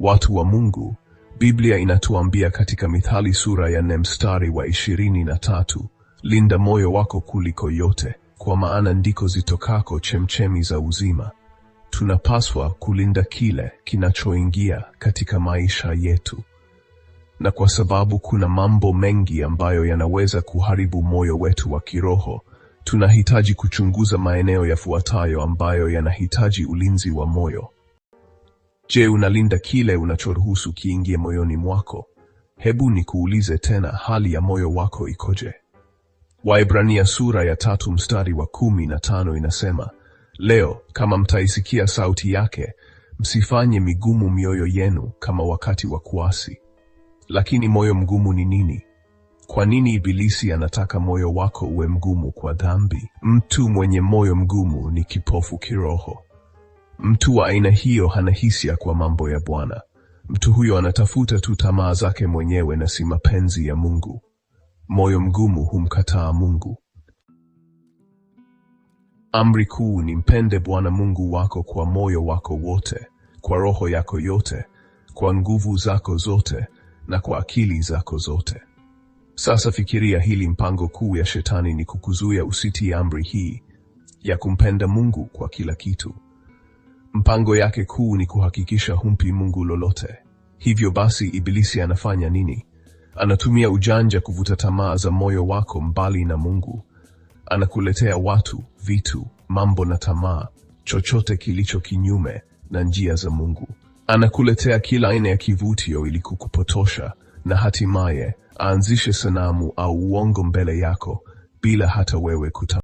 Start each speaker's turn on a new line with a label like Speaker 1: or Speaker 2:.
Speaker 1: Watu wa Mungu, Biblia inatuambia katika Mithali sura ya nne mstari wa ishirini na tatu linda moyo wako kuliko yote, kwa maana ndiko zitokako chemchemi za uzima. Tunapaswa kulinda kile kinachoingia katika maisha yetu, na kwa sababu kuna mambo mengi ambayo yanaweza kuharibu moyo wetu wa kiroho, tunahitaji kuchunguza maeneo yafuatayo ambayo yanahitaji ulinzi wa moyo. Je, unalinda kile unachoruhusu kiingie moyoni mwako? Hebu nikuulize tena, hali ya moyo wako ikoje? Waebrania sura ya tatu mstari wa kumi na tano inasema, leo kama mtaisikia sauti yake, msifanye migumu mioyo yenu kama wakati wa kuasi. Lakini moyo mgumu ni nini? Kwa nini Ibilisi anataka moyo wako uwe mgumu kwa dhambi? Mtu mwenye moyo mgumu ni kipofu kiroho. Mtu wa aina hiyo hana hisia kwa mambo ya Bwana. Mtu huyo anatafuta tu tamaa zake mwenyewe na si mapenzi ya Mungu. Moyo mgumu humkataa Mungu. Amri kuu ni mpende Bwana Mungu wako kwa moyo wako wote, kwa roho yako yote, kwa nguvu zako zote na kwa akili zako zote. Sasa fikiria hili, mpango kuu ya shetani ni kukuzuia usitii amri hii ya kumpenda Mungu kwa kila kitu. Mpango yake kuu ni kuhakikisha humpi Mungu lolote. Hivyo basi, Ibilisi anafanya nini? Anatumia ujanja kuvuta tamaa za moyo wako mbali na Mungu. Anakuletea watu, vitu, mambo na tamaa, chochote kilicho kinyume na njia za Mungu. Anakuletea kila aina ya kivutio ili kukupotosha na hatimaye aanzishe sanamu au uongo mbele yako bila hata wewe kuta